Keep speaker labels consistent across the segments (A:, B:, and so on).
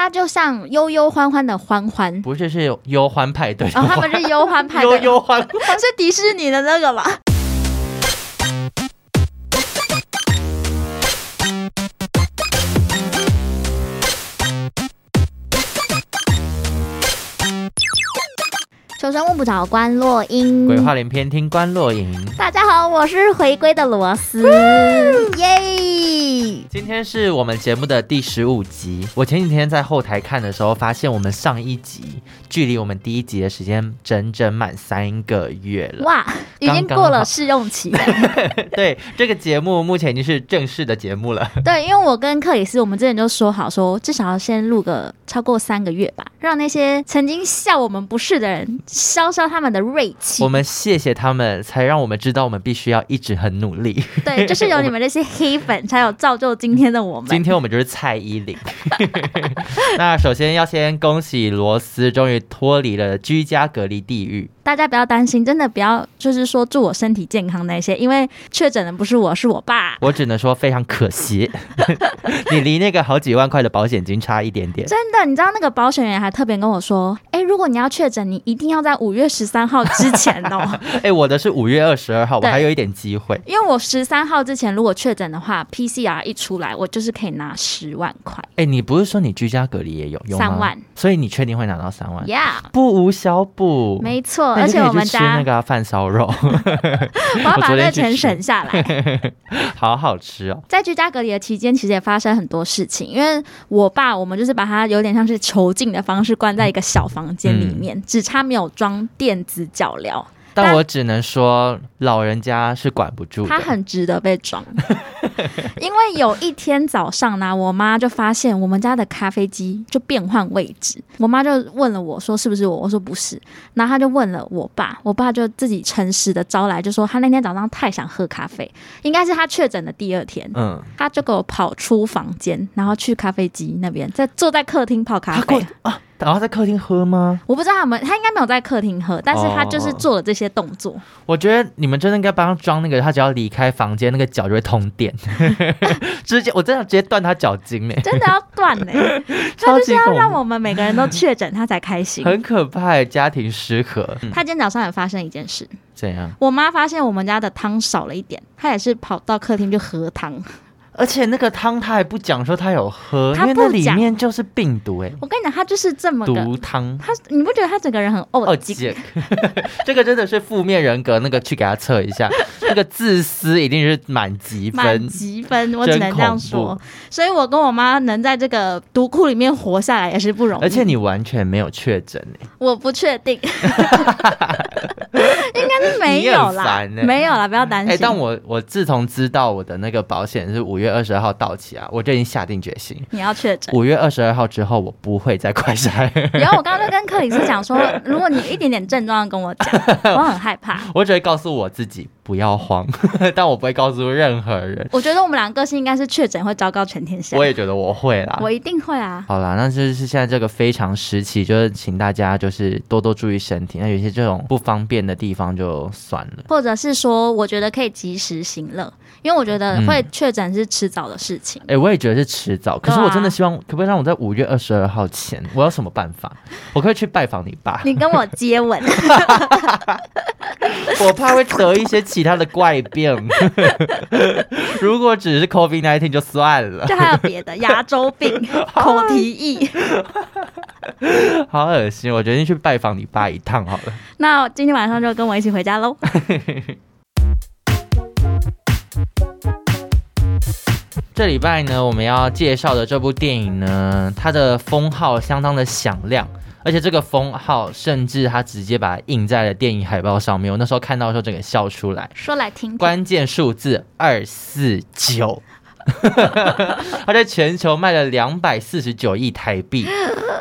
A: 他就像悠悠歡歡的歡歡，
B: 不是是悠歡派對歡、哦，他們是
A: 悠歡派對，悠歡， 幽幽環 是迪士尼的那個吧？人生問不着觀落影，鬼話
B: 連篇聽觀落影。
A: 大家好，我是回歸的蘿絲，耶！
B: 今天是我們節目的第十五集。我前幾天在後台看的時候，發現我們上一集距離我們第一集的時間整整滿三個月了。哇，
A: 已經過了試用期了。剛
B: 剛 對，這個節目目前已經是正式的節目了。
A: 對，因為我跟克里斯，我們之前就說好說，說至少要先錄個超過三個月吧，讓那些曾經笑我們不是的人。消消他們的銳氣，我
B: 們謝謝他們，才讓我們知道我們必須要一直很努力。 對，就是有你們
A: 那些黑粉，才有造就今天的我們。 今天
B: 我們就是蔡依林。 那首先要先恭喜蘿絲終於脫離了居家隔離地獄。
A: 大家不要擔心，真的不要，就是說祝我身體健康那些，因為確診的不是我，是我爸。
B: 我只能說非常可惜， 你離那個好幾萬塊的保險金差一點點。 真
A: 的，你知道那個保險員還特別跟我說，哎、欸，如果你要確診，你一定要在。在五月十三號之前哦，
B: 哎、 欸，我的是五月二十二號，我還有一點機會，
A: 因為我十三號之前如果確診的話，PCR 一出來，我就是可以拿十萬
B: 塊。哎、欸，你不是說你居家隔離也有用三萬，所以你確定會拿到三萬？呀、yeah，不無小補，沒
A: 錯，而且我們家 我把
B: 把那個飯燒肉，我要把那個錢省下來， 好好吃哦。
A: 在居家隔離的期間，其實也發生很多事情，因為我爸，我們就是把他有點像是囚禁的方式，關在一個小房間裡面、嗯，只差沒有。裝電子腳鐐，但我
B: 只能說老人家是管不住，他
A: 很值得被裝。 因為有一天早上呢，我媽就發現我們家的咖啡機就變換位置，我媽就問了我說是不是我，我說不是，然後她就問了我爸，我爸就自己誠實的招來，就說他那天早上太想喝咖啡，應該是他確診的第二天，嗯，他就給我跑出房間，然後去咖啡機那邊，在坐在客廳泡咖啡，啊
B: 然、哦、後在客廳喝嗎？我不知道他
A: 有沒有，他們他應該沒有在客廳喝，但是他就是做了這些動作。Oh.
B: 我覺得你們真的應該幫他裝那個，他只要離開房間，那個腳就會通電。 直接，我真的直接斷他腳筋，欸、 真的
A: 要斷呢，欸？就 是要讓我們每個人都確診，他才開心。 很
B: 可怕的，欸，家庭時刻、嗯。他
A: 今天早上也發生一件事。怎樣？我媽發現我們家的湯少了一點，她也是跑到客廳就
B: 喝湯。而且那個湯他還不講說他有喝，他不，因為那裡面就是病毒哎、欸！我
A: 跟你講，他就是這麼毒湯。他你不覺得他整個人很惡？哦，
B: 這個真的是負面人格。 那個去給他測一下，那 個自私一定是滿級分。滿級
A: 分，我只能這樣說。所以我跟我媽能在這個毒庫裡面活下來也是不容易。而且
B: 你完全沒有確診、欸、
A: 我不確定。 沒有啦、欸，沒有啦，不要擔心。欸、但我
B: 我自從知道我的那個保險是五月二十二號到期啊，我就已經下定決心。
A: 你要確診？五
B: 月二十二號之後，我不會再快篩。然後我剛剛
A: 就跟克里斯講說， 如果你有一點點症狀，跟我
B: 講， 我很害怕。我只會告訴我自己。不要慌，但我不會告訴任何人。我
A: 覺得我們兩個是應該是確診會昭告全天下。我也
B: 覺得我會啦，
A: 我一定會啊。
B: 好啦，那就是現在這個非常時期，就是請大家就是多多注意身體。那有些這種不方便的地方就算了，
A: 或者是說，我覺得可以及時行樂，因為我覺得會確診是遲早的事情。
B: 哎、嗯欸，我也覺得是遲早，可是我真的希望，可不可以讓我在五月二十二號前、啊？我有什麼辦法？我可以去拜訪你爸，
A: 你跟我接吻，
B: 我怕會得一些。他的怪病， 如果只是 COVID-19 就算了，這還有別
A: 的牙周病、 口蹄提疫議，
B: 好噁心。我決定去拜訪你爸一趟好了。
A: 那今天晚上就跟我一起回家嘍。
B: 這禮拜呢，我們要介紹的這部電影呢，它的封號相當的響亮。而且這個封號，甚至他直接把它印在了電影海報上面。我那時候看到的時候就給笑出來。
A: 說來聽聽，關
B: 鍵數字二四九， 他在全球賣了兩百四十九億台幣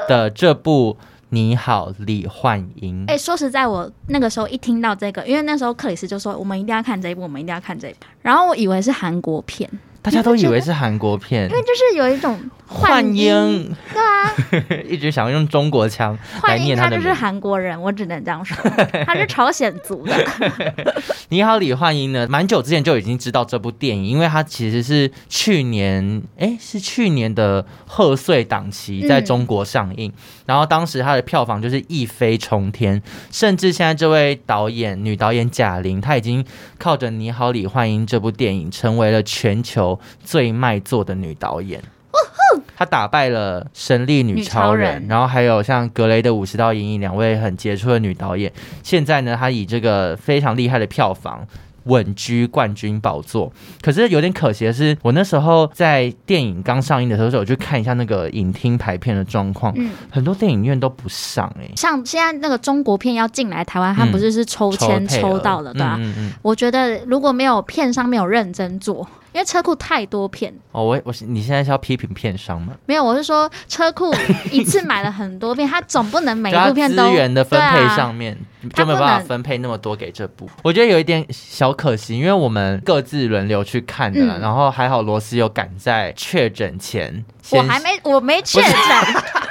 B: 的這部《你好，李煥英》。
A: 哎，說實在，我那個時候一聽到這個，因為那時候克里斯就說，我們一定要看這一部，我們一定要看這一部。然後我以為是韓國片。
B: 大家都以為是韓國片，因
A: 為就是有一種幻音，幻音
B: 對啊， 一直想用中國腔來念他的幻音，他就是
A: 韓國人，我只能這樣說， 他是朝鮮族的。
B: 你 好，李煥英呢？蠻久之前就已經知道這部電影，因為他其實是去年，哎，是去年的賀歲檔期在中國上映，嗯、然後當時他的票房就是一飛沖天，甚至現在這位導演，女導演賈玲，她已經靠着《你好，李煥英》這部電影成為了全球。最賣座的女導演，哦、她打敗了神力女超，女超人，然後還有像格雷的五十道陰影，兩位很傑出的女導演。現在呢，她以這個非常厲害的票房穩居冠軍寶座。可是有點可惜的是，我那時候在電影剛上映的時候，我去看一下那個影廳排片的狀況，嗯，很多電影院都不上哎、欸。
A: 像現在那個中國片要進來台灣，他不是是抽籤抽到的、嗯、對吧，啊嗯嗯嗯。我覺得如果沒有片商沒有認真做。因為車庫太多片哦，
B: 我我，你現在是要批評片商嗎？
A: 沒有，我是說車庫一次買了很多片，他 總不能每一部片都資源的分配上
B: 面、啊、就沒有辦法分配那麼多給這部。我覺得有一點小可惜，因為我們各自輪流去看的、嗯，然後還好羅斯有趕在確診前，我還
A: 沒我沒確診。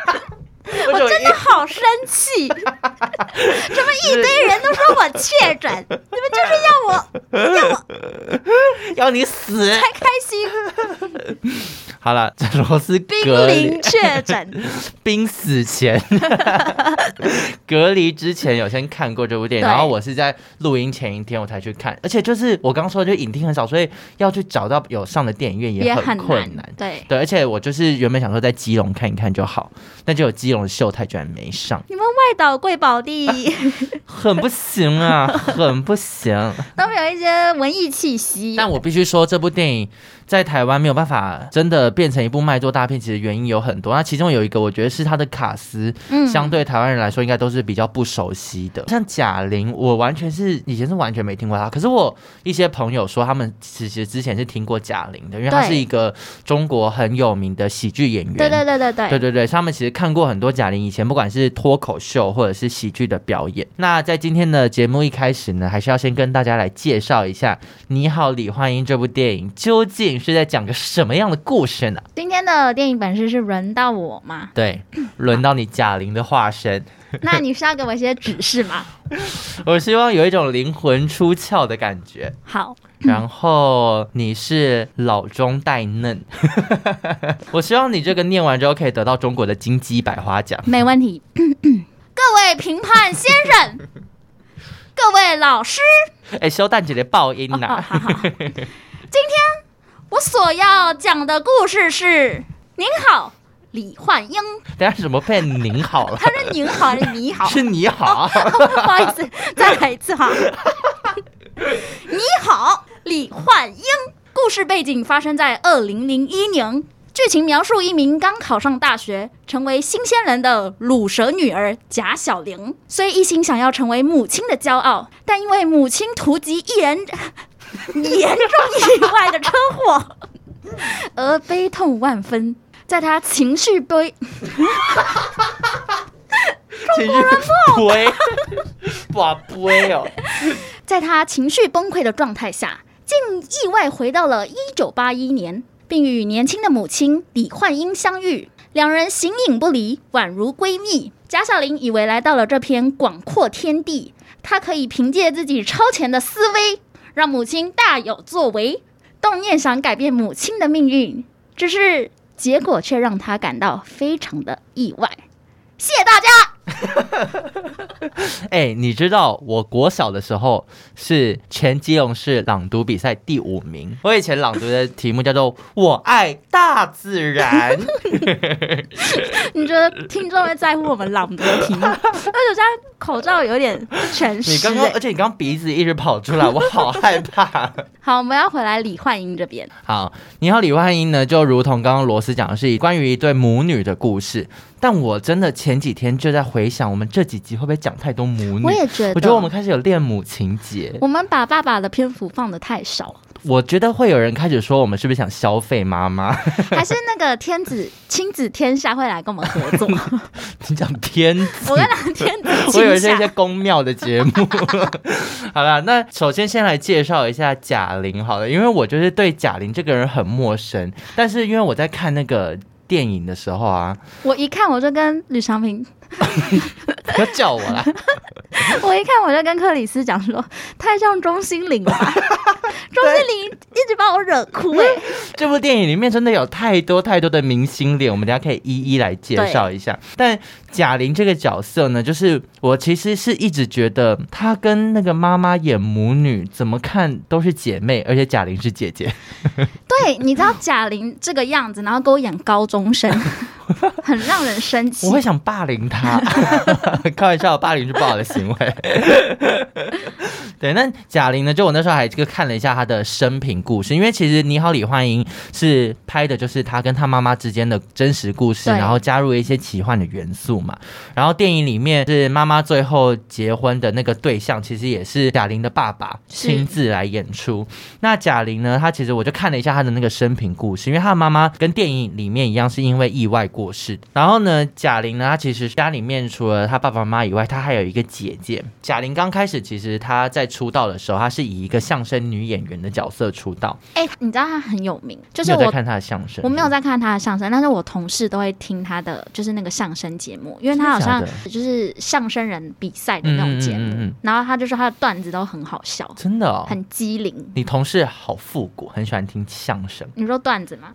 A: 我真的好生氣！怎 麼一堆人都說我確診？ 你們就是要我
B: 要我 要你死才
A: 開心？
B: 好了，這羅斯瀕臨確診，瀕 死前 隔離之前有先看過這部電影， 然後我是在錄音前一天我才去看，而且就是我剛說的就影廳很少，所以要去找到有上的電影院也很困難。難，對對，而且我就是原本想說在基隆看一看就好，那就有基隆。秀泰居然沒上，你
A: 們外島貴寶地，
B: 啊，很不行啊，很不行。
A: 都沒有一些文藝氣息，但我
B: 必須說，這部電影在台灣沒有辦法真的變成一部賣座大片，其實原因有很多。那其中有一個，我覺得是他的卡司，嗯，相對台灣人來說，應該都是比較不熟悉的。嗯、像賈玲，我完全是以前是完全沒聽過她，可是我一些朋友說，他們其實之前是聽過賈玲的，因為她是一個中國很有名的喜劇演員。對，
A: 對對對對，對
B: 對對，他們其實看過很多賈玲。以前不管是脫口秀或者是喜劇的表演。那在今天的節目一開始呢，還是要先跟大家來介紹一下《你好，李煥英》這部電影究竟是在講個什麼樣的故事呢？
A: 今天的電影本事是輪到我嗎？
B: 對，輪到你賈玲的化身。啊
A: 那你需要給我一些指示嗎？
B: 我希望有一種靈魂出竅的感覺。好、嗯，然後你是老中帶嫩， 我希望你這個念完之後可以得到中國的金雞百花獎。
A: 沒問題，咳咳，各位評判先生， 各位老師，
B: 哎、欸，修蛋姐姐爆音了、啊。 oh, oh, oh, oh.
A: 今天我所要講的故事是：您好。李煥英，
B: 等下怎麼變您好了？ 他是您好還是
A: 你好？是你
B: 好啊！不好意思，再
A: 來一次哈。 你好，李煥英。 故事背景發生在二零零一年，劇情描述一名剛考上大學、成為新鮮人的魯蛇女兒賈曉玲，雖一心想要成為母親的驕傲，但因為母親突吉一人嚴重意外的車禍 而悲痛萬分。在他情緒崩潰，哈哈哈哈哈，情緒
B: 崩潰，哇崩潰哦！
A: 在他情緒崩潰的狀態下，竟意外回到了一九八一年，並與年輕的母親李煥英相遇，兩人形影不離，宛如閨蜜。賈曉玲以為來到了這片廣闊天地，她可以憑借自己超前的思維，讓母親大有作為，動念想改變母親的命運，只是。結果卻讓他感到非常的意外，謝謝大家。
B: 哎、 欸，你知道，我國小的時候是前基隆市朗讀比賽第五名。我以前朗讀的題目叫做《我愛大自然》 。
A: 你覺得聽眾會在乎我們朗讀的題目？ 而且現在口罩有點全濕、欸、你剛剛，而且
B: 你剛剛鼻子一直跑出來，我好害怕。
A: 好，我們要回來李煥英這邊。
B: 好，然後李煥英呢，就如同剛剛羅斯講的是關於一對母女的故事。但我真的前幾天就在回想，我們這幾集會不會講太多母女？我也覺得，我覺得我們開始有戀母情節。我
A: 們把爸爸的篇幅放得太少，
B: 我覺得會有人開始說，我們是不是想消費媽媽？還是
A: 那個天子親 子天下會來跟我們合
B: 作？ 你講天子，
A: 我跟天子， 我以為是一些
B: 宮廟的節目。 好了，那首先先來介紹一下賈玲，好了，因為我就是對賈玲這個人很陌生，但是因為我在看那個。電影的時候啊，
A: 我一看我就跟呂長平。
B: 不 要叫我了
A: 我一看我就跟克里斯講說太像鍾欣凌了， 鍾欣凌一直把我惹哭。欸、
B: 這部電影裡面真的有太多太多的明星臉，我們等下可以一一來介紹一下。但賈玲這個角色呢，就是我其實是一直覺得她跟那個媽媽演母女，怎麼看都是姐妹，而且賈玲是姐姐。
A: 對，你知道賈玲這個樣子，然後給我演高中生。 很讓人生
B: 氣，我會想霸凌他。 開玩笑，霸凌是不好的行為。 對，那賈玲呢？就我那時候還這個看了一下她的生平故事，因為其實《你好，李煥英》是拍的就是她跟她媽媽之間的真實故事，然後加入一些奇幻的元素嘛。然後電影裡面是媽媽最後結婚的那個對象，其實也是賈玲的爸爸親自來演出。那賈玲呢？她其實我就看了一下她的那個生平故事，因為她的媽媽跟電影裡面一樣是因為意外，過世，然後呢，賈玲呢，她其實家裡面除了她爸爸媽媽以外，她還有一個姐姐。賈玲剛開始其實她在出道的時候，她是以一個相聲女演員的角色出道。
A: 哎、欸，你知道她很有名，就是我有在看她的相聲，我沒有在看她的相聲，但是我同事都會聽她的，就是那個相聲節目，因為他好像就是相聲人比賽的那種節目。然後他就說他的段子都很好笑，真的、哦，很機靈。
B: 你同事好復古，很喜歡聽相聲。
A: 你說段子嗎？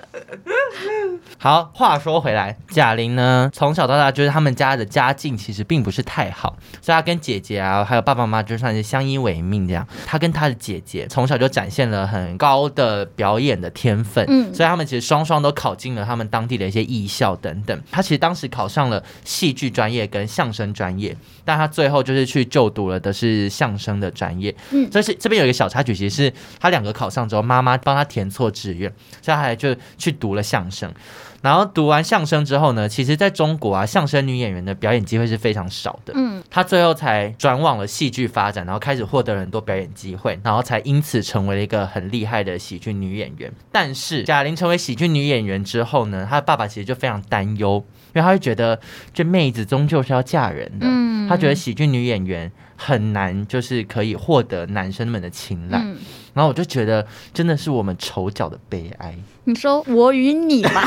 A: 好，
B: 話說回來，賈玲呢，從小到大就是他們家的家境其實並不是太好，所以她跟姐姐啊，還有爸爸媽媽就算是相依為命這樣。她跟她的姐姐從小就展現了很高的表演的天分，嗯，所以他們其實雙雙都考進了他們當地的一些藝校等等。她其實當時考上了戲劇專業跟相聲專業，但她最後就是去就讀了的是相聲的專業，嗯，所以是這邊有一個小插曲，其實是她兩個考上之後，媽媽幫她填錯志願，所以她還就去。讀了相聲，然後讀完相聲之後呢，其實在中國啊，相聲女演員的表演機會是非常少的。嗯，她最後才轉往了戲劇發展，然後開始獲得了很多表演機會，然後才因此成為了一個很厲害的喜劇女演員。但是賈玲成為喜劇女演員之後呢，她的爸爸其實就非常擔憂，因為他會覺得這妹子終究是要嫁人的。嗯，他覺得喜劇女演員。很難就是可以獲得男生們的青睞，嗯，然後我就覺得真的是我們丑角的悲哀。
A: 你說我與你嗎？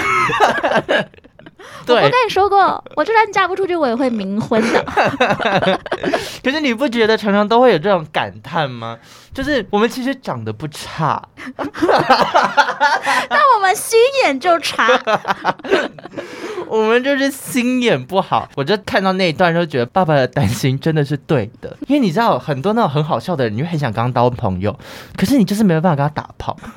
B: 對 我跟你
A: 說過， 我就算嫁不出去，我也會冥婚的。
B: 可是你不覺得常常都會有這種感嘆嗎？就是我們其實長得不差，
A: 但我們心眼就差。
B: 我們就是心眼不好，我就看到那一段，就覺得爸爸的擔心真的是對的，因為你知道很多那種很好笑的人，你就很想跟他當朋友，可是你就是沒有辦法跟他打炮。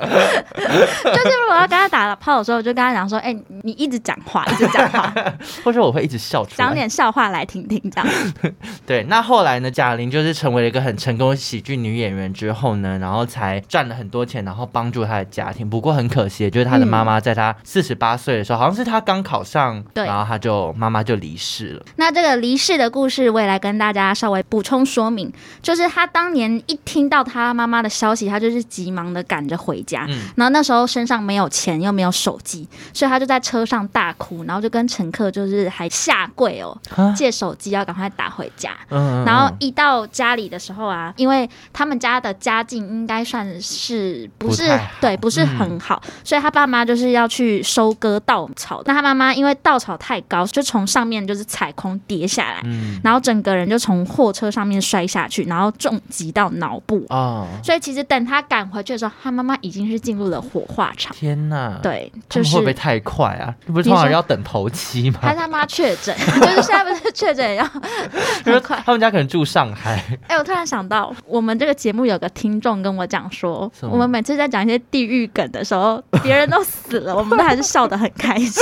A: 就是如果要跟他打炮的時候，我就跟他講說：“哎、欸，你一直講話，一直
B: 講話。 ”或者我會一直笑出來，講
A: 點笑話來聽聽這樣。
B: 對，那後來呢？賈玲就是成為了一個很成功的喜劇女演員之後呢，然後才賺了很多錢，然後幫助她的家庭。不過很可惜，就是她的媽媽在她四十八歲的時候。好像是他剛考上，對，然後他就媽媽就離世了。
A: 那這個離世的故事，我也來跟大家稍微補充說明，就是他當年一聽到他媽媽的消息，他就是急忙的趕着回家，嗯，然後那時候身上沒有錢，又沒有手機，所以他就在車上大哭，然後就跟乘客就是還下跪哦，啊、借手機要趕快打回家。嗯，嗯，嗯，然後一到家裡的時候啊，因為他們家的家境應該算是不是不對，不是很好、嗯，所以他爸媽就是要去收割稻草，那他媽媽因為稻草太高，就從上面就是踩空跌下來，嗯，然後整個人就從貨車上面摔下去，然後重擊到腦部哦，所以其實等他趕回去的時候，他媽媽已經是進入了火化場。
B: 天哪，對，就是會不會太快啊？不是說要等頭七嗎？他
A: 他媽確診， 就是現在不是確診，要，
B: 很 快，他們家可能住上海。
A: 哎、欸，我突然想到，我們這個節目有個聽眾跟我講說，我們每次在講一些地獄梗的時候，別人都死了， 我們都還是笑得很開心。一
B: 起，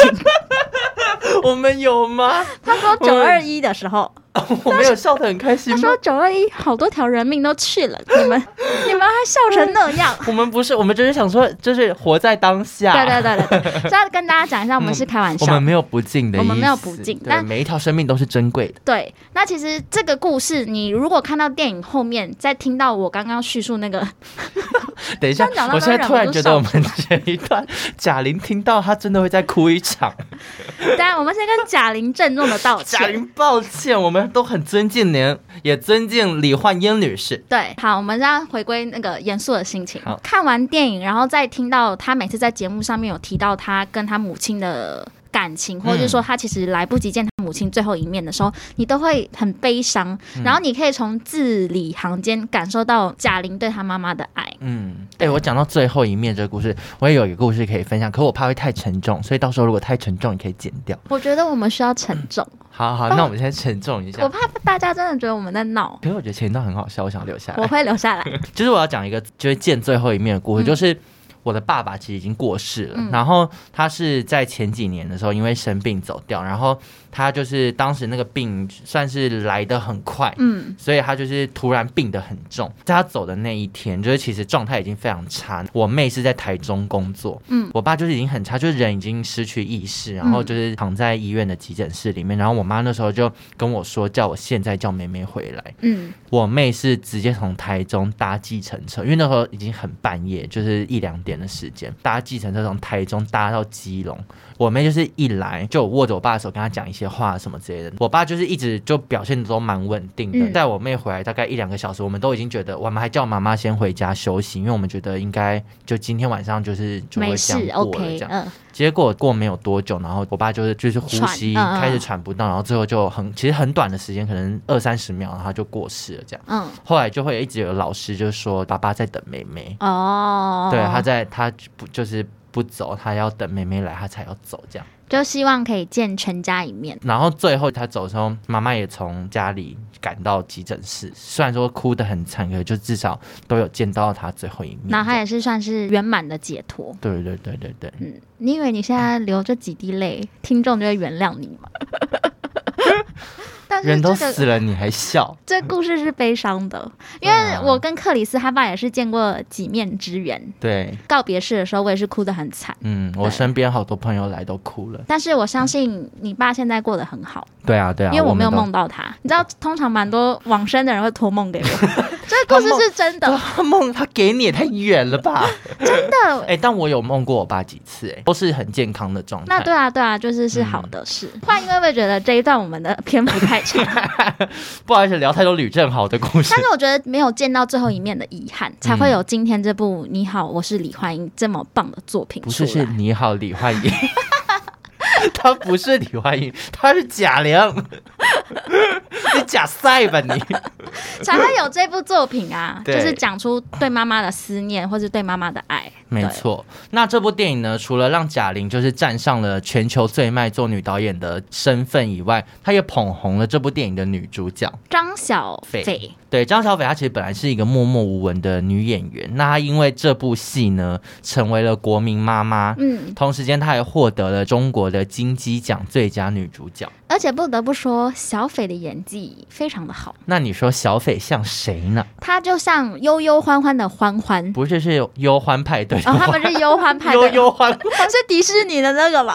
B: 我們有嗎？ 他說九二一
A: 的時候。 我沒有笑得很開心。他說：“九二一，好多條人命都去了， 你們，你們還笑成那樣？”
B: 我們不是，我們就是想說，就是活在當下，啊。 對對對對，所以要
A: 跟大家講一下，我們是開玩笑。嗯、我們沒
B: 有不敬的意思。我們沒有不敬。對，但每一條生命都是珍貴的。
A: 對，那其實這個故事，你如果看到電影後面，再聽到我剛剛敘述那個，
B: 等一下 我，我現在突然覺得我們前一段，賈玲聽到她真的會再哭一場 。
A: 對，我們先跟賈玲鄭重的道歉。賈玲，
B: 抱歉，我們。都很尊敬您，也尊敬李煥英女士。
A: 對，好，我們讓回歸那個嚴肅的心情。看完電影，然後再聽到她每次在節目上面有提到她跟她母親的感情，或者是說他其實來不及見他母親最後一面的時候，嗯、你都會很悲傷。嗯、然後你可以從字裡行間感受到賈玲對他媽媽的愛。
B: 嗯，對、欸、我講到最後一面這個故事，我也有一個故事可以分享，可我怕會太沉重，所以到時候如果太沉重，你可以剪掉。
A: 我覺得我們需要沉重。
B: 好好，那我們先沉重一下。我怕，
A: 我怕大家真的覺得我們在鬧。
B: 可是我覺得前一段很好笑，我想留下來。我會留下來。 就是我要講一個就是見最後一面的故事，就、嗯、是。我的爸爸其實已經過世了，嗯、然後他是在前幾年的時候因為生病走掉，然後。他就是當時那個病算是來得很快，嗯，所以他就是突然病得很重，在他走的那一天，就是其實狀態已經非常差。我妹是在台中工作，嗯，我爸就是已經很差，就是人已經失去意識，然後就是躺在醫院的急診室裡面。嗯、然後我媽那時候就跟我說，叫我現在叫妹妹回來，嗯，我妹是直接從台中搭計程車，因為那時候已經很半夜，就是一兩點的時間，搭計程車從台中搭到基隆。我妹就是一來就我握着我爸的手，跟他講一些。些話什麼之類的，我爸就是一直就表現的都蠻穩定的。帶、嗯、我妹回來大概一兩個小時，我們都已經覺得，我們還叫媽媽先回家休息，因為我們覺得應該就今天晚上就是就會這樣過了這樣。Okay, uh, 結果過沒有多久，然後我爸就是就是呼吸開始喘不到，uh, 然後最後就很其實很短的時間，可能二三十秒，然後他就過世了這樣、嗯。後來就會一直有老師就說，爸爸在等妹妹。哦，
A: 對，他在
B: 他不就是不走，他要等妹妹來，他才要走這樣。
A: 就希望可以見全家一面，
B: 然後最後他走的時候，媽媽也從家裡趕到急診室，雖然說哭得很慘，可是就至少都有見到他最後一面。那
A: 他也是算是圓滿的解脫。
B: 對對對對對，嗯，
A: 你以為你現在流這幾滴淚，嗯，聽眾就會原諒你嗎？ 但
B: 是這個、人都死了你還笑？
A: 這故事是悲傷的， 因為我跟克里斯他爸也是見過幾面之緣。對，告別式的時候我也是哭得很慘。
B: 嗯，我身邊好多朋友來都哭了。
A: 但是我相信你爸現在過得很好。
B: 嗯、對啊，對啊，因為我沒有夢到
A: 他。你知道，通常蠻多往生的人會托夢給我。
B: 這個故事是真的、啊夢啊。夢他給你也太遠了吧？ 真的哎、欸，但我有夢過我爸幾次哎、欸，都是很健康的狀態。那對啊
A: 對啊，就是是好的事。李煥英會不會覺得這一段我們的篇幅太長？
B: 不好意思，聊太多呂正豪的故事。但是我
A: 覺得沒有見到最後一面的遺憾，才會有今天這部《你好，我是李煥英》這麼棒的作品。不是是
B: 《你好，李煥英，》 他不是李煥英，他是賈玲， 你假賽吧你。才 會
A: 有這部作品啊， 就是講出對媽媽的思念，或是對媽媽的愛。
B: 沒錯，那這部電影呢，除了讓賈玲就是站上了全球最賣座女導演的身份以外，她也捧紅了這部電影的女主角
A: 張小斐。
B: 對張小斐，她其實本來是一個默默無聞的女演員，那她因為這部戲呢，成為了國民媽媽。嗯，同時間她還獲得了中國的金雞獎最佳女主角。
A: 而且不得不說，小斐的演技非常的好。
B: 那你說？小斐像誰呢？
A: 他就像憂憂歡歡的歡歡，
B: 不是是憂歡派對。哦，他們
A: 是憂歡派對，憂 幽歡， 他是迪士尼的那個嗎？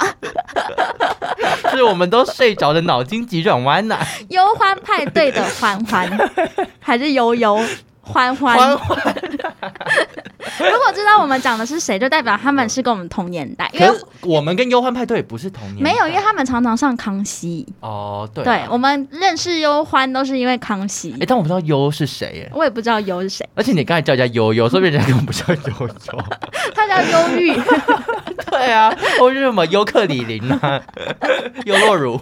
B: 是我們都睡着的腦筋急轉彎呢？
A: 憂 歡派對的歡歡，還是憂憂？歡歡， 如果知道我們講的是誰，就代表他們是跟我們同年代。因為
B: 我們跟憂歡派對不是同年代，沒
A: 有，因為他們常常上康熙。
B: 哦，對啊，對，我
A: 們認識憂歡都是因為康熙。
B: 欸，但我不知道憂是誰，
A: 哎，我也不知道憂是誰。而
B: 且你剛才叫人家憂憂，所以人家為什麼不叫憂憂？
A: 他叫憂鬱。
B: 對啊，或者什麼尤克里林呢、啊？尤 洛如，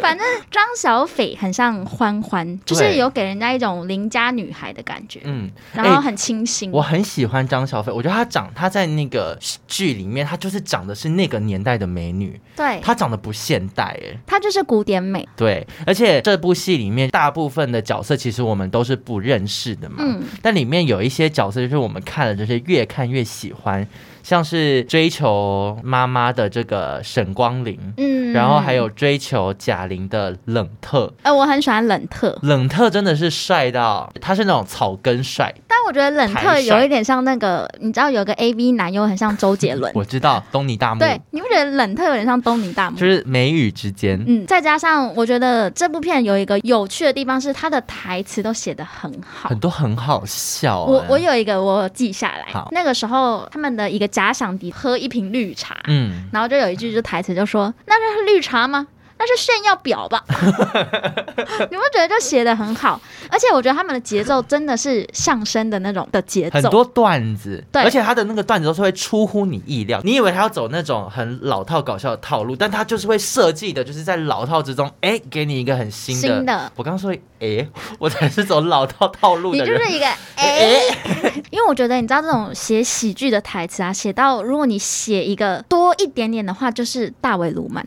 A: 反正張小斐很像歡歡，就是有給人家一種鄰家女孩的感覺。
B: 嗯，然後很
A: 清新。欸、我很
B: 喜歡張小斐，我覺得她長，她在那個劇裡面，她就是長的是那個年代的美女。對，她長得不現代，哎，
A: 她就是古典美。
B: 對，而且這部戲裡面大部分的角色，其實我們都是不認識的嘛。嗯。但裡面有一些角色，就是我們看了，就是越看越喜歡。像是追求媽媽的這個沈光林，嗯，然後還有追求賈玲的冷特，哎、
A: 呃，我很喜歡冷特，
B: 冷特真的是帥到，他是那種草根帥。
A: 但我覺得冷特有一點像那個，你知道有個 AV 男優很像周杰倫，
B: 我知道東尼大木，對，
A: 你不覺得冷特有點像東尼大木？就是
B: 眉宇之間，
A: 嗯，再加上我覺得這部片有一個有趣的地方是，他的台詞都寫得很
B: 好，很多很好笑啊。我我
A: 有一個我記下來好，那個時候他們的一個假想敵喝一瓶綠茶，嗯，然後就有一句就台詞就說：“那是綠茶嗎？”是炫耀表吧？ 你們覺得就寫的很好，而且我覺得他們的節奏真的是相聲的那種的節奏，很多
B: 段子，對，而且他的那個段子都是會出乎你意料。你以為他要走那種很老套搞笑的套路，但他就是會設計的，就是在老套之中，哎、欸，給你一個很新的。新的我剛說，哎、欸，我才是走老套套路的人， 你就是一個
A: 哎、欸，欸、 因為我覺得你知道，這種寫喜劇的台詞啊，寫到如果你寫一個多一點點的話，就是大尾鱸鰻。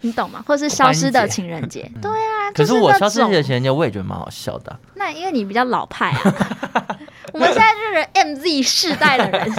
A: 你懂嗎？或是消失的情人節？對
B: 啊、就是，可是我消失的情人節，我也覺得蠻好笑的、啊。
A: 那因為你比較老派啊。 我們現在就是 MZ 世代的人，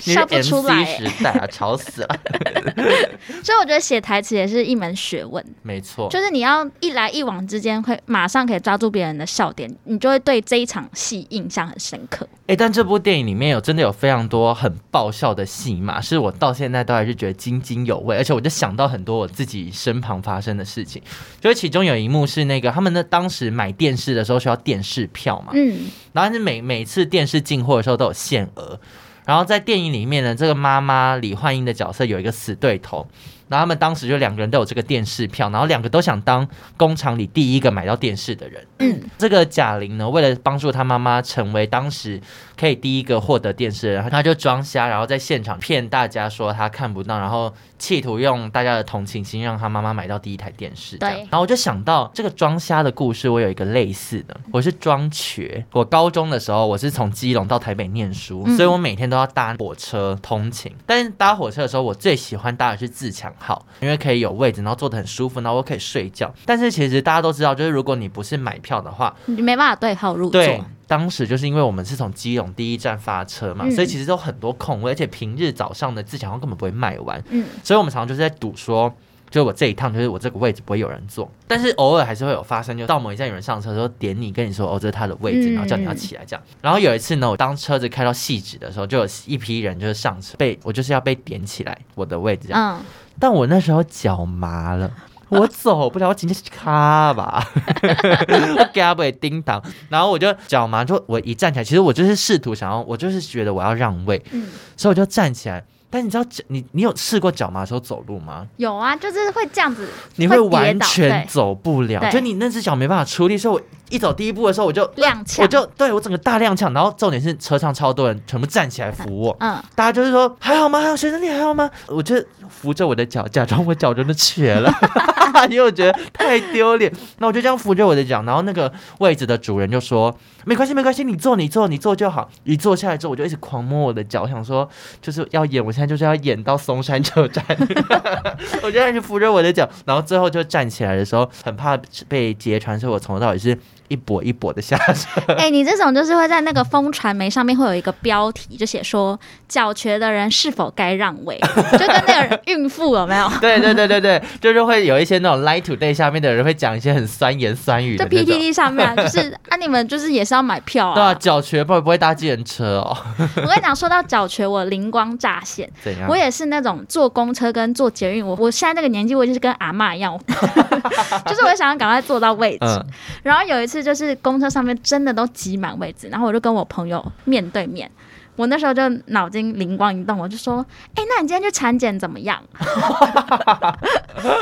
A: 笑，笑不出來、欸。MZ 時
B: 代啊， 吵死了。
A: 所以我覺得寫台詞也是一門學問。
B: 沒錯，就是
A: 你要一來一往之間，會馬上可以抓住別人的笑點，你就會對這一場戲印象很深
B: 刻。哎、欸，但這部電影裡面有真的有非常多很爆笑的戲嘛，是我到現在都還是覺得津津有味。而且我就想到很多我自己身旁發生的事情，就是其中有一幕是那個他們那當時買電視的時候需要電視票嘛，嗯。好像是每每次電視進貨的時候都有限額，然後在電影裡面呢，這個媽媽李煥英的角色有一個死對頭，然後他們當時就兩個人都有這個電視票，然後兩個都想當工廠裡第一個買到電視的人。 這個賈玲呢，為了幫助她媽媽成為當時可以第一個獲得電視的人，她就裝瞎，然後在現場騙大家說她看不到，然後。企圖用大家的同情心讓他媽媽買到第一台電視。對。然後我就想到這個裝瞎的故事，我有一個類似的。我是裝瘸。我高中的時候，我是從基隆到台北念書，所以我每天都要搭火車通勤。但是搭火車的時候，我最喜歡搭的是自強號，因為可以有位置，然後坐得很舒服，然後我可以睡覺。但是其實大家都知道，就是如果你不是買票的話，
A: 你沒辦法對號入座。對
B: 當時就是因為我們是從基隆第一站發車嘛，所以其實有很多空位，而且平日早上的自強號根本不會賣完，嗯，所以我們常常就是在賭說，就我這一趟就是我這個位置不會有人坐，但是偶爾還是會有發生，就到某一站有人上車的時候點你跟你說，哦，這是他的位置，然後叫你要起來這樣。然後有一次呢，我當車子開到汐止的時候，就有一批人就是上車被我就是要被點起來我的位置這樣，但我那時候腳麻了。 我走不了，我直接卡吧， 我嘎不會叮噹。然後我就腳麻，就我一站起來，其實我就是試圖想要，我就是覺得我要讓位，嗯，所以我就站起來。但你知道，你你有試過腳麻的時候走路嗎？
A: 有啊，就是會這樣子，你會完全
B: 走不了，就你那只腳沒辦法出力，所以我一走第一步的時候我、嗯，我就我就對我整個大踉蹌，然後重點是車上超多人全部站起來扶我，嗯，大家就是說，還好嗎？還好學生，你還好嗎？我就得。扶着我的腳，假裝我腳真的瘸了， 因為我覺得太丟臉。 那我就這樣扶着我的腳，然後那個位置的主人就說：“沒關係，沒關係，你坐，你坐，你坐就好。”一坐下來之後，我就一直狂摸我的腳，我想說就是要演，我現在就是要演到松山車站。 我就開始扶着我的腳，然後最後就站起來的時候，很怕被揭穿，所以我從頭到尾是。一跛一跛的下去。哎，
A: 你這種就是會在那個風傳媒上面會有一個標題就，就寫說腳瘸的人是否該讓位，就跟那個孕婦有沒有？
B: 對對對對對，就是會有一些那種 Light Today 下面的人會講一些很酸言酸語的。在 PTT 上面、啊，就是
A: 啊，你們就是也是要買票啊？對啊，
B: 腳瘸不不會搭計程車哦。 我跟你
A: 講，說到腳瘸，我靈光乍現。怎樣？我也是那種坐公車跟坐捷運，我我現在那個年紀，我就是跟阿嬤一樣， 就是我想要趕快坐到位置。嗯、然後有一次。就是公車上面真的都擠滿位置，然後我就跟我朋友面對面。我那時候就腦筋靈光一動，我就說：“哎、欸，那你今天去產檢怎麼樣？”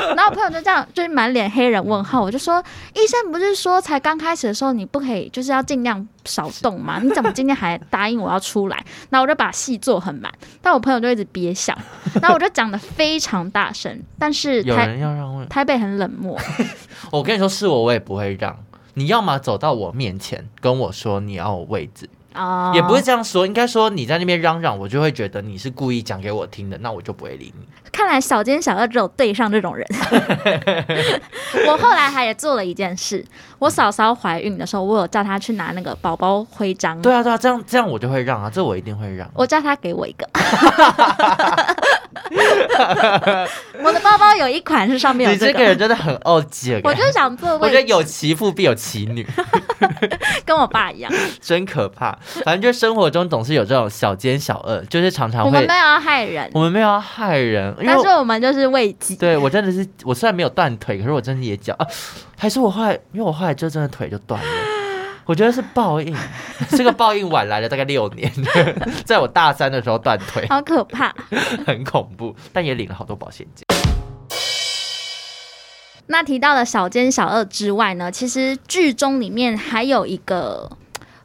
B: 然後我
A: 朋友就這樣，就是滿臉黑人問號。我就說：“醫生不是說才剛開始的時候你不可以，就是要盡量少動嗎？你怎麼今天還答應我要出來？”然後我就把戲做很滿，但我朋友就一直憋笑。然後我就講得非常大聲， 但是有人要讓位，台北很冷漠。
B: 我跟你說是我，我也不會讓。你要麼走到我面前跟我說，你要我位置
A: 啊，oh. 也不會這
B: 樣說，應該說你在那邊嚷嚷，我就會覺得你是故意講給我聽的，那我就不會理你。
A: 看來小尖小二只有對上這種人。 我後來還也做了一件事。我嫂嫂懷孕的時候，我有叫她去拿那個寶寶徽章。對
B: 啊，對啊，這樣這樣我就會讓啊，這我一定會讓、啊。
A: 我叫她給我一個 。 我的包包有一款是上面有這個。你這個人真
B: 的很傲氣。 我就
A: 想做，我覺得有
B: 其父必有其女，
A: 跟我爸一樣。
B: 真可怕，反正就生活中總是有這種小奸小惡，就是常常會 我們沒
A: 有要害人，
B: 我們沒有要害人，但是
A: 我們就是為
B: 己。對我真的是，我雖然沒有斷腿，可是我真的也腳。啊還是我後來，因為我後來就真的腿就斷了， 我覺得是報應，這個報應晚來了大概六年， 在我大三的時候斷腿，好可怕， 很恐怖，但也領了好多保險金
A: 那提到了小奸小惡之外呢，其實劇中裡面還有一個，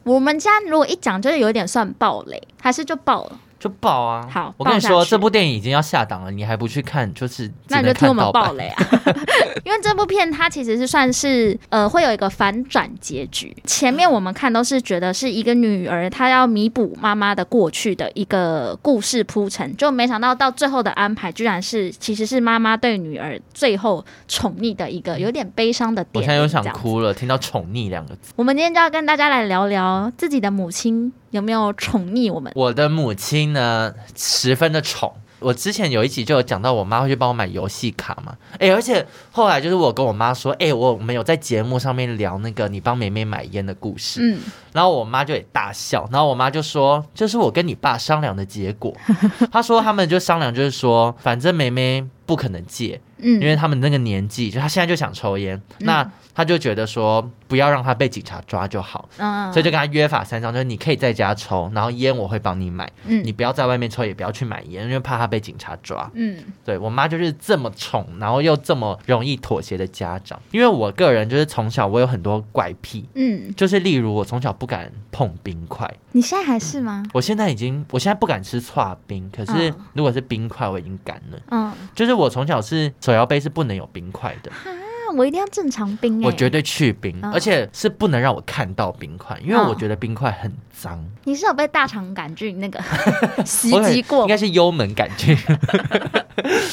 A: 我們家如果一講就有點算暴雷，還是就爆了。
B: 就爆啊！好，我跟你說，這部電影已經要下檔了，你還不去看，就是那你就聽我們爆雷啊！
A: 因為這部片它其實是算是呃，會有一個反轉結局。前面我們看都是覺得是一個女兒她要彌補媽媽的過去的一個故事鋪陳，就沒想到到最後的安排，居然是其實是媽媽對女兒最後寵溺的一個有點悲傷的點點。我現在又想哭
B: 了，聽到“寵溺”兩個字。
A: 我們今天就要跟大家來聊聊自己的母親。有沒有寵溺我們？
B: 我的母親呢，十分的寵。我之前有一集就有講到，我媽會去幫我買遊戲卡嘛。哎，而且後來就是我跟我媽說，哎，我沒有在節目上面聊那個你幫妹妹買菸的故事。嗯。然後我媽就也大笑，然後我媽就說：“這是我跟你爸商量的結果。 ”他說他們就商量，就是說，反正梅梅不可能戒，嗯，因為他們那個年紀，就他現在就想抽菸，嗯、那他就覺得說，不要讓她被警察抓就好，嗯、啊，所以就跟他約法三章，就是你可以在家抽，然後菸我會幫你買，嗯，你不要在外面抽，也不要去買菸，因為怕她被警察抓，嗯，對，我媽就是這麼寵，然後又這麼容易妥協的家長，因為我個人就是從小我有很多怪癖，嗯，就是例如我從小不。不敢碰冰塊，你
A: 現在還是嗎、嗯？我
B: 現在已經，我現在不敢吃剉冰，可是如果是冰塊，我已經敢了。嗯、oh.，就是我從小是手搖杯是不能有冰塊的。Oh.
A: 我一定要正常冰，欸，我絕
B: 對去冰，Oh. 而且是不能讓我看到冰塊，因為我覺得冰塊很髒。
A: Oh. 你是有被大腸桿菌那個襲擊
B: 過？ 應該是幽門桿菌。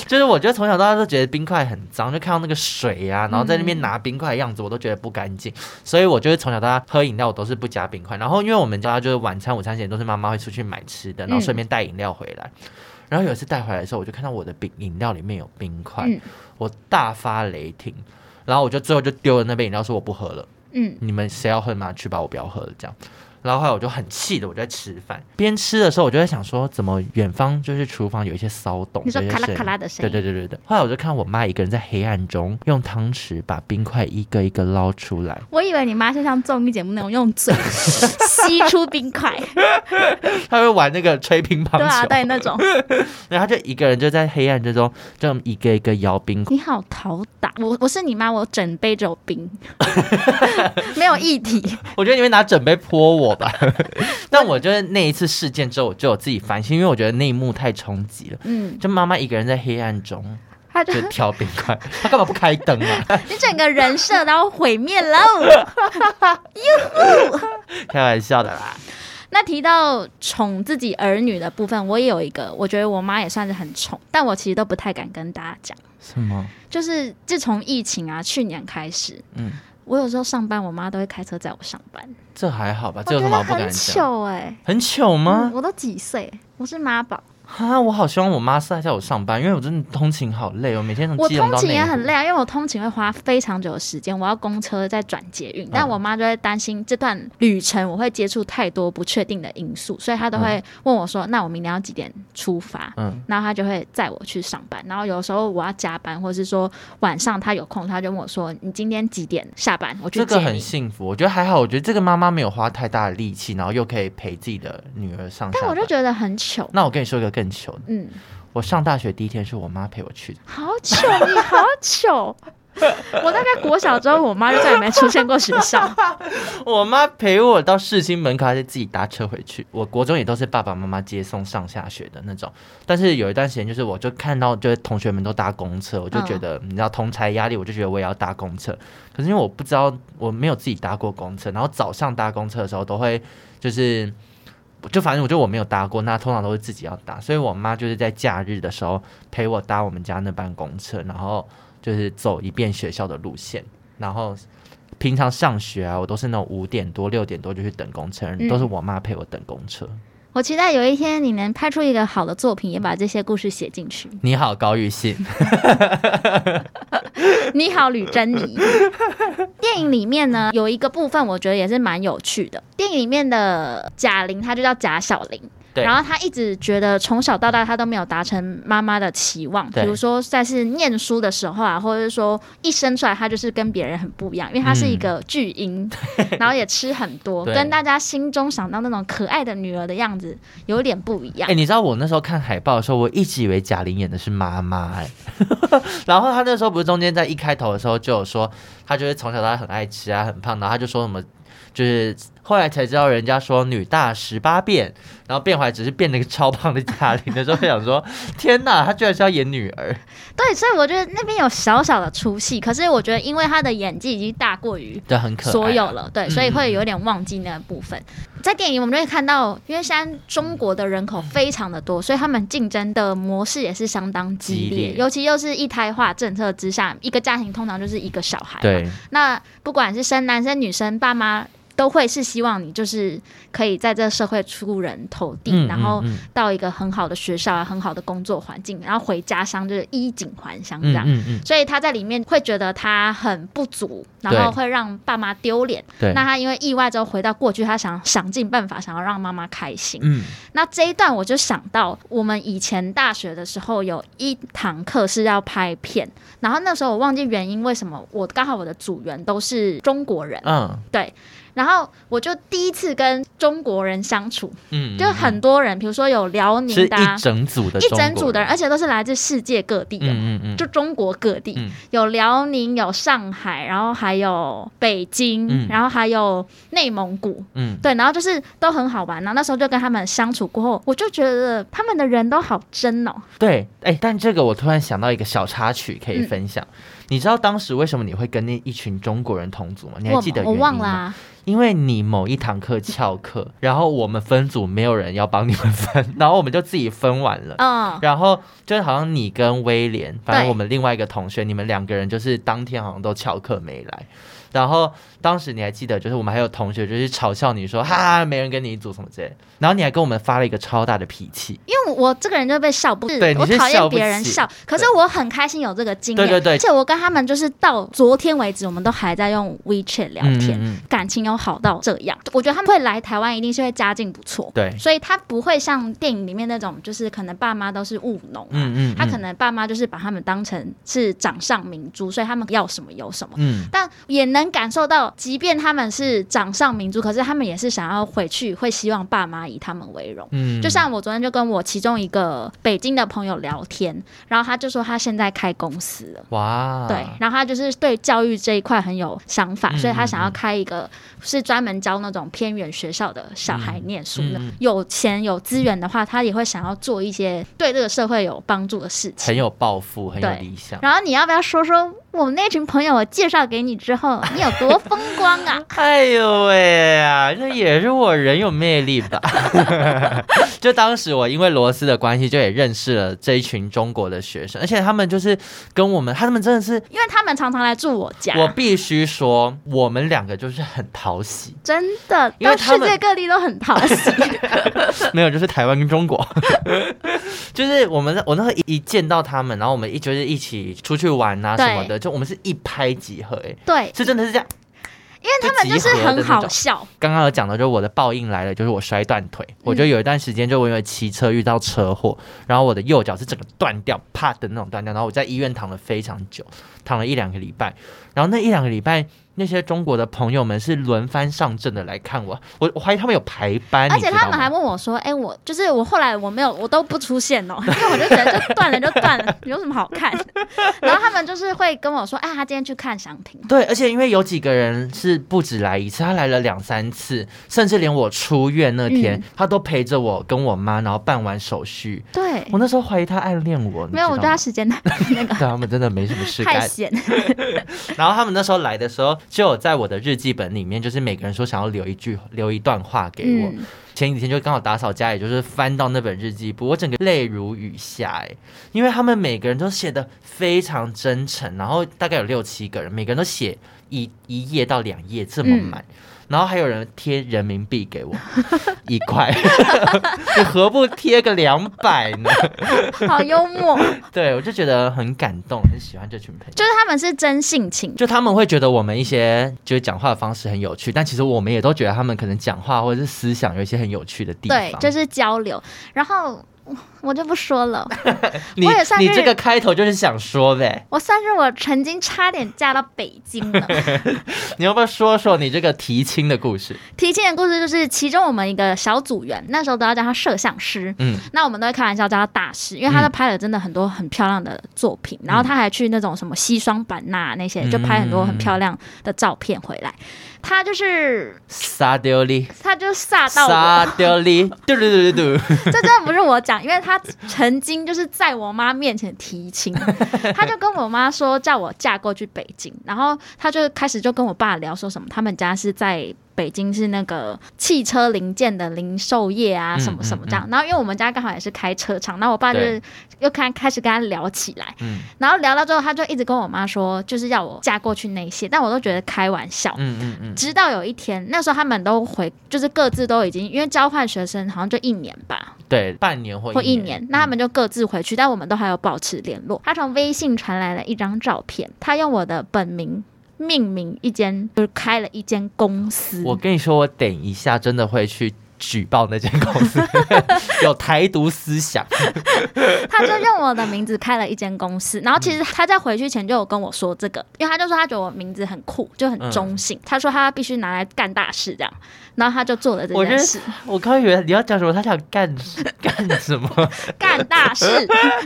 B: 就是我覺得從小到大都覺得冰塊很髒，就看到那個水啊，然後在那邊拿冰塊的樣子，我都覺得不乾淨。Mm -hmm. 所以，我就是從小到大喝飲料，我都是不加冰塊。然後，因為我們家就是晚餐，午餐時間都是媽媽會出去買吃的，然後順便帶飲料回來。Mm -hmm. 然後有一次帶回來的時候，我就看到我的冰飲料裡面有冰塊，mm -hmm. 我大發雷霆。然後我就最後就丟了那杯飲料，說我不喝了。嗯，你們誰要喝拿去吧，我不要喝了，這樣。然後後來我就很氣的，我就在吃飯，邊吃的時候我就在想說，怎麼遠方就是廚房有一些騷動，你說咔啦咔啦的聲音。對對對對對。後來我就看我媽一個人在黑暗中，用湯匙把冰塊一個一個撈出來。
A: 我以為你媽就像綜藝節目那種用嘴 吸出冰塊。
B: 她 會玩那個吹乒乓球 對啊，對那種。然後她就一個人就在黑暗之中，就一個，一個一個搖冰塊。
A: 你好，討打，我我是你媽，我整杯只有冰， 沒有液體。
B: 我覺得你會拿整杯潑我。 但我覺得那一次事件之後，我就有自己反省，因為我覺得那一幕太衝擊了。嗯，就媽媽一個人在黑暗中，就挑冰塊，她 幹 嘛不開燈啊？
A: 你整個人設然後毀滅了，喲
B: 開玩笑的啦。
A: 那提到寵自己兒女的部分，我也有一個，我覺得我媽也算是很寵，但我其實都不太敢跟大家講。什麼？就是自從疫情啊，去年開始，嗯。我有時候上班，我媽都會開車載我上班。
B: 這還好吧？這有什麼不敢講？很糗哎、欸！很糗嗎？我，我
A: 都幾歲？我是媽寶。
B: 哈哈，我好希望我媽是在叫我上班，因為我真的通勤好累哦，每天能到我通勤也很
A: 累啊，因為我通勤會花非常久的時間，我要公車再轉捷運、嗯。但我媽就會擔心這段旅程我會接觸太多不確定的因素，所以她都會問我說：“嗯、那我明天要幾點出发？”嗯，然後她就會載我去上班、嗯。然後有時候我要加班，或是說晚上她有空，她就問我說：“你今天幾點下班？”我覺得這個很
B: 幸福，我覺得還好，我覺得這個媽媽沒有花太大的力氣，然後又可以陪自己的女兒上班。但我就
A: 覺得很糗。
B: 那我跟你說一個。更糗。嗯，我上大學第一天是我媽陪我去的。
A: 好糗，你好糗！ 我大概國小之後，我媽就再也沒出現過學校。
B: 我媽陪我到市心門口，還是自己搭車回去。我國中也都是爸爸媽媽接送上下學的那種。但是有一段時間，就是我就看到，就是同學們都搭公車，我就覺得，嗯、你知道同儕壓力，我就覺得我也要搭公車。可是因為我不知道，我沒有自己搭過公車。然後早上搭公車的時候，都會就是。就反正我就我沒有搭過，那通常都是自己要搭，所以我媽就是在假日的時候陪我搭我們家那班公車，然後就是走一遍學校的路線，然後平常上學啊，我都是那種五點多，六點多就去等公車，都是我媽陪我等公車。嗯
A: 我期待有一天你能拍出一個好的作品，也把這些故事寫進去。
B: 你好，高玉信。
A: 你好，呂珍妮。 電影裡面呢，有一個部分我覺得也是蠻有趣的。電影裡面的賈玲，她就叫賈小玲。對，然後他一直覺得從小到大他都沒有達成媽媽的期望，比如說在是念書的時候啊，或者是說一生出來他就是跟別人很不一樣，因為他是一個巨嬰，嗯、然後也吃很多，跟大家心中想到那種可愛的女兒的樣子有點不一樣。哎、欸，你知
B: 道我那時候看海報的時候，我一直以為賈玲演的是媽媽、欸，哎， 然後他那時候不是中間在一開頭的時候就有說，他就是從小到大很愛吃啊，很胖，然後他就說什麼，就是後來才知道人家說女大十八變。然後變回來只是變了一個超胖的家庭的時候， 想說天哪，他居然是要演女兒。
A: 對，所以我覺得那邊有小小的出戲，可是我覺得因為他的演技已經大過於所有了，對，所以會有點忘記那個部分。嗯。在電影我們就會看到，因為現在中國的人口非常的多，所以他們競爭的模式也是相當激烈，激烈。尤其又是一胎化政策之下，一個家庭通常就是一個小
B: 孩嘛。對，
A: 那不管是生男生女生，爸媽。都會是希望你就是可以在這個社會出人頭地，嗯嗯嗯，然後到一個很好的學校，很好的工作環境，然後回家鄉就是衣錦還鄉這樣，嗯嗯嗯。所以他在裡面會覺得他很不足，然後會讓爸媽丟臉。對，那他因為意外之後回到過去，他想想盡辦法想要讓媽媽開心，嗯。那這一段我就想到我們以前大學的時候有一堂課是要拍片，然後那時候我忘記原因為什麼，我剛好我的組員都是中國人。嗯、啊，對。然後我就第一次跟中國人相處，嗯，嗯，
B: 嗯，就很
A: 多人，比如說有遼寧的、啊，是一整
B: 組的人，一整組的人，而
A: 且都是來自世界各地的，嗯嗯，嗯，就中國各地、嗯，有遼寧，有上海，然後還有北京、嗯，然後還有內蒙古，嗯，對，然後就是都很好玩。然後那時候就跟他們相處過後，我就覺得他們的人都好真哦。
B: 對，哎，但這個我突然想到一個小插曲可以分享。嗯你知道當時為什麼你會跟那一群中國人同組嗎？你還記得原因嗎？我，我忘了啦，因為你某一堂課翹課，然後我們分組沒有人要幫你們分， 然後我們就自己分完了。嗯、哦，然後就好像你跟威廉，反正我們另外一個同學，你們兩個人就是當天好像都翹課沒來，然後。當時你還記得，就是我們還有同學就是嘲笑你說，哈哈，沒人跟你一組什麼之類。然後你還跟我們發了一個超大的脾氣，
A: 因為我這個人就被笑不是，我討厭別人笑，可是我很開心有這個經驗。對,對對對，而且我跟他們就是到昨天為止，我們都還在用 WeChat 聊天嗯嗯，感情有好到這樣。我覺得他們會來台灣，一定是會家境不錯，對，所以他不會像電影裡面那種，就是可能爸媽都是務農、啊，嗯嗯,嗯嗯，他可能爸媽就是把他們當成是掌上明珠，所以他們要什麼有什麼，嗯，但也能感受到。即便他們是掌上明珠，可是他們也是想要回去，會希望爸媽以他們為榮。嗯，就像我昨天就跟我其中一個北京的朋友聊天，然後他就說他現在開公司了。
B: 哇，對，
A: 然後他就是對教育這一塊很有想法，嗯，所以他想要開一個是專門教那種偏遠學校的小孩念書的，嗯。有錢有資源的話，嗯，他也會想要做一些對這個社會有幫助的事情。
B: 很有抱負，很有理想。然後
A: 你要不要說說？我們那群朋友，我介紹給你之後，你有多風
B: 光啊？ 哎呦喂啊，這也是我人有魅力吧？ 就當時我因為羅斯的關係，就也認識了這一群中國的學生，而且他們就是跟我們，他們真的是，
A: 因為他們常常來住我家。我必
B: 須說，我們兩個就是很討喜，
A: 真的，到世界各地都很討喜。
B: 沒有，就是台灣跟中國， 就是我們我那時候一見到他們，然後我們一就是一起出去玩啊什麼的。就我們是一拍即合、欸，哎，對，是真的是這樣，因為他們就是很好笑。剛剛有講到，就我的報應來了，就是我摔斷腿。嗯、我覺得有一段時間，就我因為騎車遇到車禍，然後我的右腳是整個斷掉，啪的那種斷掉，然後我在醫院躺了非常久，躺了一兩個禮拜，然後那一兩個禮拜。那些中國的朋友們是輪番上陣的來看我，我我懷疑他們有排班，而且他們還問
A: 我說：“哎、欸，我就是我後來我沒有我都不出現哦、喔， 因為我就覺得就斷了就斷了，有什麼好看的？” 然後他們就是會跟我說：“哎、欸，他今天去看商品。”
B: 對，而且因為有幾個人是不止來一次，他來了兩三次，甚至連我出院那天，嗯、他都陪着我跟我媽，然後辦完手續。對，我那時候懷疑他暗戀我，沒有我對他時間對，那個。 那個笑他們真的沒什麼事幹。 太閒閒笑。然後他們那時候來的時候，就有在我的日記本裡面，就是每個人說想要留一句、留一段話給我。嗯、前幾天就剛好打掃家裡，就是翻到那本日記簿，我整個淚如雨下、欸、因為他們每個人都寫得非常真誠，然後大概有六七個人，每個人都寫一一頁到兩頁這麼滿。嗯然後還有人貼人民幣給我 一塊塊，你 何不貼個兩百呢 好？好幽默，對，我就覺得很感動，很喜歡這群朋友。就是他們是真性情，就他們會覺得我們一些就是講話的方式很有趣，但其實我們也都覺得他們可能講話或者是思想有一些很有趣的地方。對，就
A: 是交流。然後。我就不說了，
B: 你我也算是你這個開頭就是想說唄。
A: 我算是我曾經差點嫁到北京
B: 的。 你要不要說說你這個提親的故事？
A: 提親的故事就是，其中我們一個小組員，那時候都要叫他攝像師，嗯，那我們都會開玩笑叫他大師，因為他都拍了真的很多很漂亮的作品，嗯、然後他還去那種什麼西雙版納、啊、那些、嗯，就拍很多很漂亮的照片回來。他就是
B: 傻掉你，他就傻到傻掉你，嘟嘟嘟嘟嘟。這
A: 真的不是我講，因為他曾經就是在我媽面前提親， 他就跟我媽說叫我嫁過去北京，然後他就開始就跟我爸聊說什麼他們家是在。北京是那個汽車零件的零售業啊，什麼什麼這樣。嗯嗯嗯、然後因為我們家剛好也是開車廠，那我爸就是又開開始跟他聊起來，然後聊到之後，他就一直跟我媽說，就是要我嫁過去那些，但我都覺得開玩笑，
B: 嗯嗯嗯。直
A: 到有一天，那時候他們都回，就是各自都已經，因為交換學生好像就一年吧，對，半
B: 年或一年或一年，
A: 嗯，那他們就各自回去，但我們都還有保持聯絡。他從微信傳來了一張照片，他用我的本名。命名一間，就是開了一間公司。我
B: 跟你說，我等一下真的會去。舉報那間公司有台獨思想，
A: 他就用我的名字開了一間公司。然後其實他在回去前就有跟我說這個，因為他就說他覺得我名字很酷，就很中性。嗯、他說他必須拿來幹大事這樣，然後他就做了這件事。
B: 我，我剛以為你要講什麼，他想幹幹什麼？ 幹大事。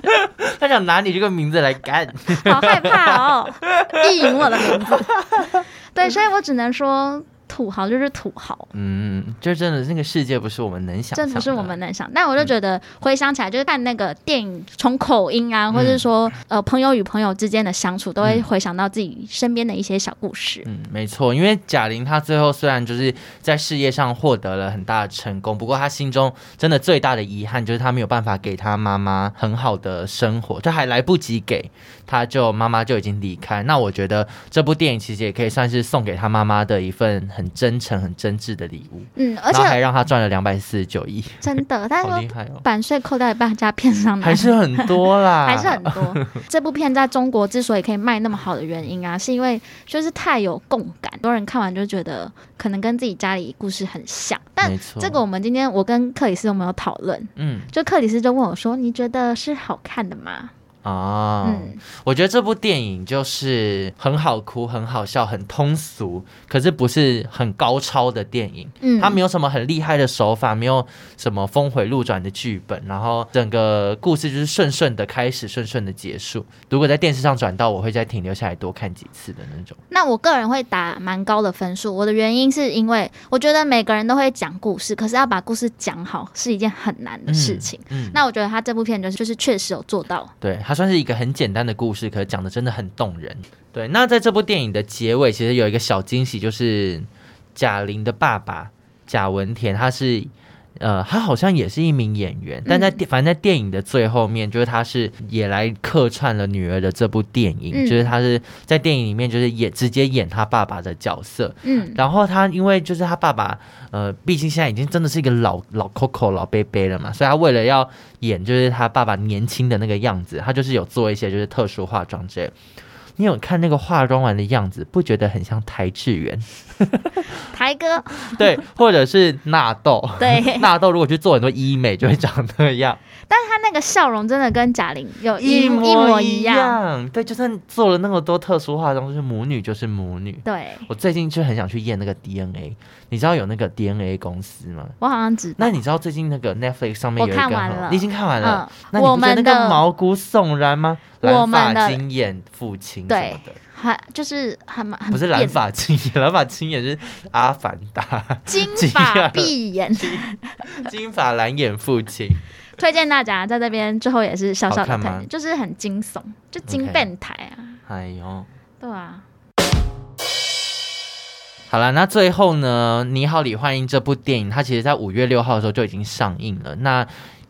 B: 他想拿你這個名字來幹。 好害怕哦，意淫我的名字。
A: 對，所以我只能說。土豪就
B: 是土豪，嗯，就真的那個世界不是我們能想的，不是我
A: 們能想。但我就覺得回想起來，就是看那個電影，從口音啊，嗯、或者說呃，朋友與朋友之間的相處，都會回想到自己身邊的一些小故事。嗯，嗯，
B: 沒錯，因為賈玲她最後雖然就是在事業上獲得了很大的成功，不過她心中真的最大的遺憾就是她沒有辦法給她媽媽很好的生活，就還來不及給。他就媽媽就已經離開，那我覺得這部電影其實也可以算是送給他媽媽的一份很真誠、很真摯的禮物。嗯，而且還讓他賺了兩百四十九億，
A: 真的。但是說版稅扣掉一半加片上面還是很多啦， 還是很多。 這部片在中國之所以可以賣那麼好的原因啊，是因為就是太有共感，多人看完就覺得可能跟自己家裡故事很像。但這個我們今天我跟克里斯都沒有討論。嗯，就克里斯就問我說：“你覺得是好看的嗎？”
B: 啊、哦嗯，我覺得這部電影就是很好哭、很好笑、很通俗，可是不是很高超的電影。嗯，它沒有什麼很厲害的手法，沒有什麼峰迴路轉的劇本，然後整個故事就是順順的開始，順順的結束。如果在電視上轉到，我會再停留下來多看幾次的那種。
A: 那我個人會打蠻高的分數，我的原因是因為我覺得每個人都會講故事，可是要把故事講好是一件很難的事情。嗯，嗯，那我覺得他這部片就是確實有做到。
B: 對，他。算是一個很簡單的故事，可是講的真的很動人。對，那在這部電影的結尾，其實有一個小驚喜，就是賈玲的爸爸賈文田，他是。呃，他好像也是一名演員，但在電，反正在電影的最後面，嗯，就是他是也來客串了女兒的這部電影，嗯，就是他是在電影裡面就是也直接演他爸爸的角色。嗯，然後他因為就是他爸爸，呃，畢竟現在已經真的是一個老老扣扣老杯杯了嘛，所以他為了要演就是他爸爸年輕的那個樣子，他就是有做一些就是特殊化妝之類。你有看那個化妝完的樣子，不覺得很像邰智源？
A: 邰哥
B: 對，或者是納豆對，納豆如果去做很多醫美，就會長這樣，
A: 但那個笑容真的跟賈玲有一模一樣，一模一樣。
B: 對，就算做了那麼多特殊化妝，就是母女，就是母女。對，我最近就很想去驗那個 DNA，你知道有那個 DNA 公司嗎？
A: 我好像知道。那
B: 你知道最近那個 Netflix 上面有一個？我看完了，你已經看完了。嗯，那你覺得那個我們的毛骨悚然嗎？藍髮金眼父親。對，
A: 還就是還蠻不是藍髮
B: 金眼，藍髮金眼是阿凡達。金髮碧眼，金髮 藍眼父親。
A: 推薦大家在這邊，最後也是笑笑的看，看就是很驚悚，就驚變態啊！Okay, 哎呦，對啊。
B: 好了，那最後呢，《你好，李煥英》這部電影，它其實在五月六號的時候就已經上映了。那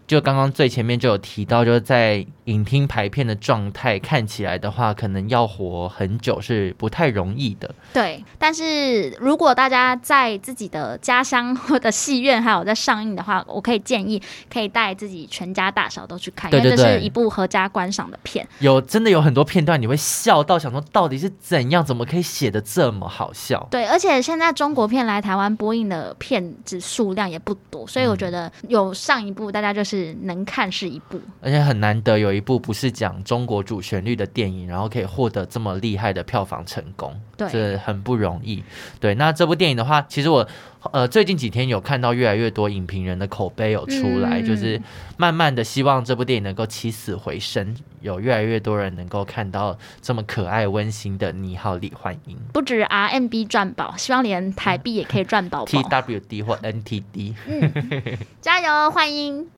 B: 就剛剛最前面就有提到，就是在影廳排片的狀態看起來的話，可能要活很久是不太容易的。
A: 對，但是如果大家在自己的家鄉或者戲院還有在上映的話，我可以建議可以帶自己全家大小都去看，對對對因為這是一部合家觀賞的片。
B: 有真的有很多片段你會笑到想說，到底是怎樣，怎麼可以寫的這麼好笑？
A: 對，而且現在中國片來台灣播映的片子數量也不多，所以我覺得有上一部大家就是、嗯。能看是一部，
B: 而且很難得有一部不是講中國主旋律的電影，然後可以獲得這麼厲害的票房成功。這很不容易。對，那這部電影的話，其實我呃最近幾天有看到越來越多影評人的口碑有出來，嗯，就是慢慢的希望這部電影能夠起死回生，有越來越多人能夠看到這麼可愛溫馨的《你好，李煥英》。
A: 不止 RMB 賺飽，希望連台幣也可以賺飽。
B: TWD 或 NTD。嗯，
A: 加油，煥英！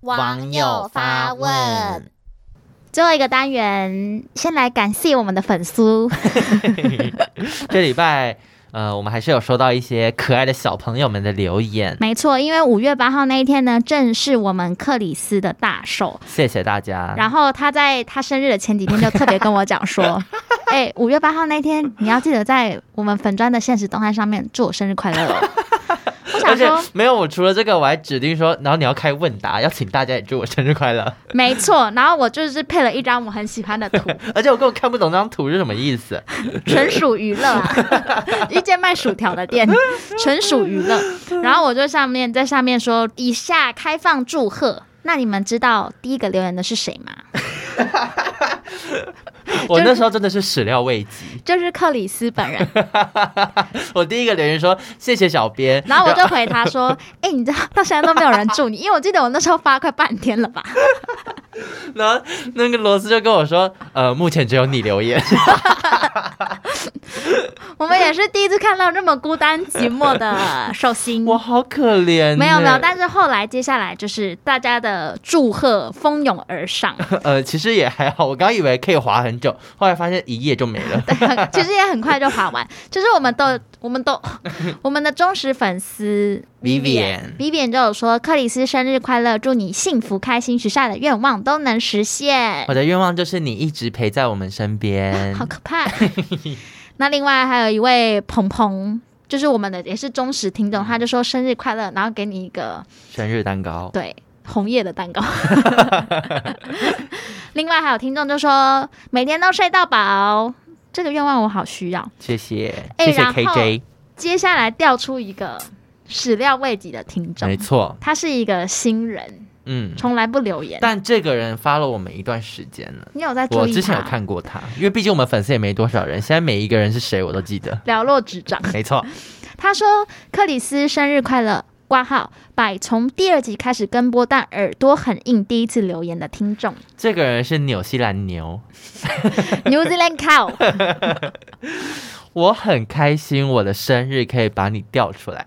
B: 網友發問。
A: 最後一個單元，先來感謝我們的粉絲。
B: 這禮拜，呃，我們還是有收到一些可愛的小朋友們的留言。沒
A: 錯，因為五月八號那一天呢，正是我們克里斯的大壽。
B: 謝謝大家。然
A: 後他在他生日的前幾天就特別跟我講說：“哎、 欸，五月八號那天你要記得在我們粉專的限時動態上面祝我生日快樂。 ”
B: 我想說，沒有我除了這個，我還指定說，然後你要開問答，要請大家也祝我生日快樂。
A: 沒錯，然後我就是配了一張我很喜歡的圖，
B: 而且我根本看不懂那張圖是什麼意思，純
A: 屬娛樂，啊， 一間賣薯條的店， 純屬娛樂。然後我就上面在上面說，以下開放祝賀，那你們知道第一個留言的是誰嗎？
B: 我那時候真的是始料未及，就
A: 是、就是、克里斯本人。
B: 我第一個留言說謝謝小編，然後我就回他說，
A: 哎、 欸，你知道，到現在都沒有人祝你，因為我記得我那時候發快半天了吧。
B: 那 那個羅斯就跟我說，呃，目前只有你留言。
A: 我們也是第一次看到這麼孤單寂寞的
B: 壽星， 我好可憐、欸。沒有沒有，但
A: 是後來接下來就是大家的祝賀蜂擁而上。
B: 呃，其實也還好，我剛以為可以划很久。就後來發現一頁就沒了，
A: 對，其實也很快就劃完。就是我們都，我們都， 我們的忠實粉絲
B: Vivian
A: Vivian 就有說：“克里斯生日快樂，祝你幸福開心，許下的願望都能實現。我
B: 的願望就是你一直陪在我們身邊。 ”好可怕。
A: 那另外還有一位鵬鵬，就是我們的也是忠實聽眾，他就說：“生日快樂！”然後給你一個
B: 生日蛋糕。對。
A: 紅葉的蛋糕 另外還有聽眾就說每天都睡到飽，這個願望我好需要，
B: 謝謝，謝謝 KJ。欸、謝謝 KJ
A: 接下來調出一個始料未及的聽眾，沒錯，他是一個新人，嗯，從來不留言，
B: 但這個人發了我們一段時間了，你
A: 有在？我之前有看
B: 過他，因為畢竟我們粉絲也沒多少人，現在每一個人是誰我都記得
A: 瞭若指掌，沒錯。他說克里斯生日快樂。掛號把從第二集開始跟播，但耳朵很硬。第一次留言的聽眾，
B: 這個人是紐西蘭牛
A: ，New Zealand cow。
B: 我很開心，我的生日可以把你調出來。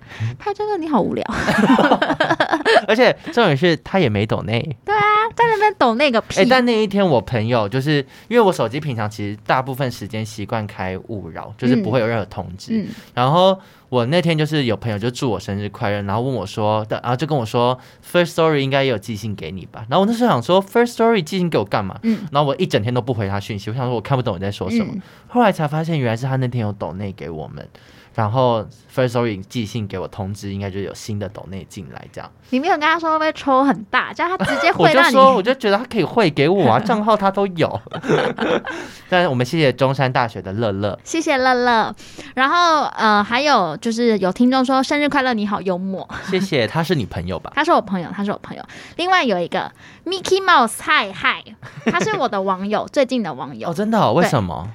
A: 他真的你好無聊 ，
B: 而且重點是他也沒抖內。
A: 對啊，在那邊抖那個屁，欸。但那
B: 一天我朋友就是因為我手機平常其實大部分時間習慣開勿擾，就是不會有任何通知，嗯。然後我那天就是有朋友就祝我生日快樂，然後問我說，然後就跟我說，First Story 應該也有寄信給你吧？然後我那時候想說，First Story 寄信給我幹嘛？嗯，然後我一整天都不回他訊息，我想說我看不懂你在說什麼，嗯。後來才發現，原來是他那天有抖內給我們。然後，Firstory 寄信給我通知，應該就有新的抖內進來這樣。
A: 你沒有跟他說會抽很大，這樣他直接回你。 我就說，我
B: 就覺得他可以回給我啊，賬 號他都有。 但是我們謝謝中山大學的樂樂，
A: 謝謝樂樂。然後呃，還有就是有聽眾說生日快樂，你好幽默，
B: 謝謝。他是你朋友吧？他
A: 是我朋友，他是我朋友。另外有一個 Mickey Mouse，嗨嗨，他是我的網友， 最近的網友。哦，真的哦？為什麼？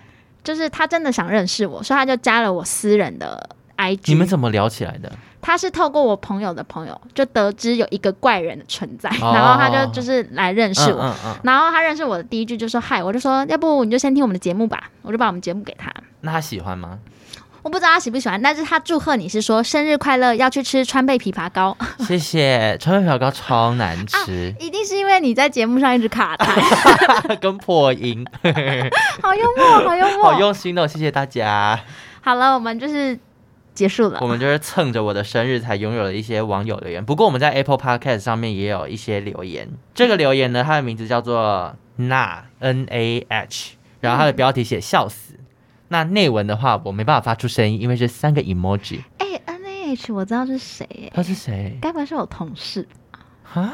A: 就是他真的想認識我，所以他就加了我私人的 IG。你們
B: 怎麼聊起來的？
A: 他是透過我朋友的朋友，就得知有一個怪人的存在，Oh、然後他就就是來認識我。Oh、然後他認識我的第一句就說：“嗨！”我就說：“要不你就先聽我們的節目吧。”我就把我們節目給他。
B: 那他喜歡嗎？
A: 我不知道他喜不喜歡，但是他祝賀你是說生日快樂，要去吃川貝枇杷膏。
B: 謝謝，川貝枇杷膏超難吃。啊，
A: 一定是因為你在節目上一直卡他，
B: 跟破音，
A: 好幽默，好幽默，好用
B: 心哦！謝謝大家。
A: 好了，我們就是
B: 結束了，我們就是蹭着我的生日才擁有了一些網友留言。不過我們在 Apple Podcast 上面也有一些留言，這個留言呢，它的名字叫做 Nah，N-A-H，然後它的標題寫笑死。嗯那內文的話，我沒辦法發出聲音，因為這三個 emoji。
A: 哎、欸、，N A H，我知道是誰、欸。他是誰？該不會是,是我同事？啊？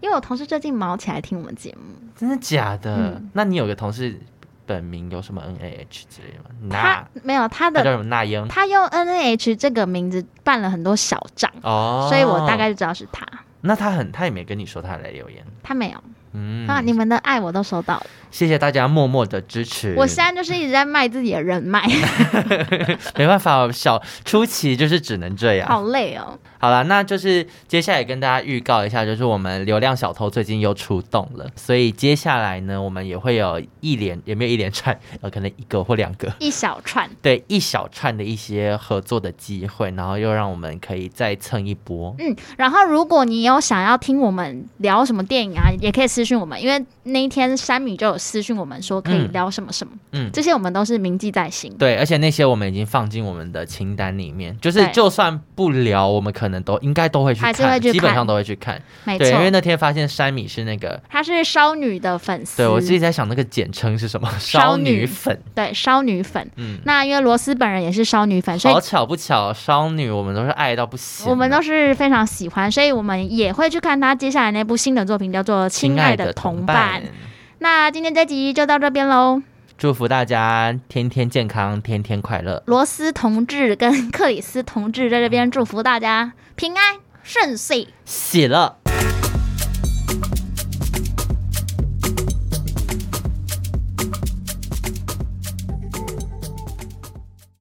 A: 因為我同事最近忙起來聽我們節目，真的假的、
B: 嗯？那你有個同事本名有什麼 N A H 之類的嗎他那？他
A: 沒有，他的他叫什麼？那英。他用 N A H 這個名字辦了很多小賬哦，所以我大概就知道是他。
B: 那他很，他也沒跟你說他來留言。他沒有。嗯，啊，你
A: 們的愛我都收到了，
B: 謝謝大家默默的支持。我現
A: 在就是一直在賣自己的人脈，
B: 沒辦法，哦，小初奇就是只能這樣，啊，好累哦。好了，那就是接下來跟大家預告一下，就是我們流量小偷最近又出動了，所以接下來呢，我們也會有一連也沒有一連串呃，可能一個或兩個，
A: 一小串，
B: 對，一小串的一些合作的機會，然後又讓我們可以再蹭一波。
A: 嗯，然後如果你有想要聽我們聊什麼電影啊，也可以私訊我們，因為那一天山米就有私訊我們說可以聊什麼什麼，嗯，嗯這些我們都是銘記在心，
B: 對，而且那些我們已經放進我們的清單裡面，就是就算不聊，我們可能。都應該都會去,還是會去看，基本上都會去看，沒錯，對，因為那天發現山米是那個，
A: 他是少女的粉絲。對，我自己
B: 在想那個簡稱是什麼？少女粉。
A: 對，少女粉。嗯，那因為羅斯本人也是少女粉，所以好
B: 巧不巧，少女我們都是愛到不行，我們
A: 都是非常喜歡，所以我們也會去看他接下來那部新的作品，叫做《親愛的同伴》同伴。那今天這集就到這邊嘍。
B: 祝福大家天天健康，天天快樂。
A: 羅斯同志跟克里斯同志在這邊祝福大家平安順遂、
B: 喜樂。